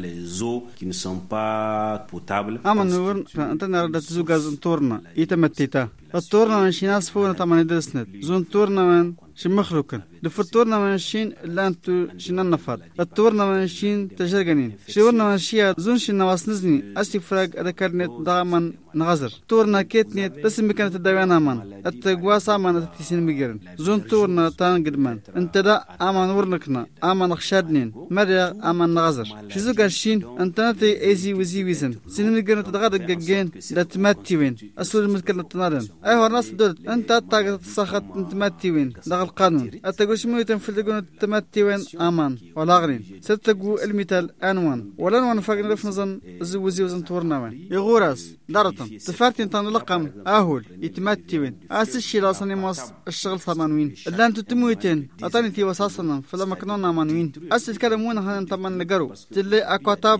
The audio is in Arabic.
les réseaux qui ne sont pas potables. أما نور أنتنا ردت زوجة زنتورنا يتمتتا التورنا من شي ناس فونا طبعا درسنا زنتورنا من شي مخلوقن دفتورنا من شين لا انتو شين النفاد التورنا من شين تجرغنين شورنا من شيا زون شين نواسنزني أسي فراغ أذكرنت دائما نغزر تورنا كيتنيت بس مكان تدوينا من التقواسا من تتسين مجرن زون تورنا تان قدمان انت دا اما نورنكنا اما نخشادنين مريا اما نغزر شي شزو قرشين انتناتي ايزي وزي ويزم سينم جن تدغد جن لتماتي وين اسول مذكر لتنارن اي هو الناس دول انت تاغ تسخط تماتي وين دغ القانون اتقوش مو يتنفل تقول تماتي وين امان ولا غرين ستقو المثال انوان ولا نوان رف نزن زو وزي وزن تورنا وين يغورس دارتن تفارتين لقم اهول يتماتي وين اس الشي لاصني موس الشغل ثمان وين لان تتموتين اتاني تي وساسنا فلا مكنونا مانوين اس الكلام وين هان تمن نقرو تلي اكواتاب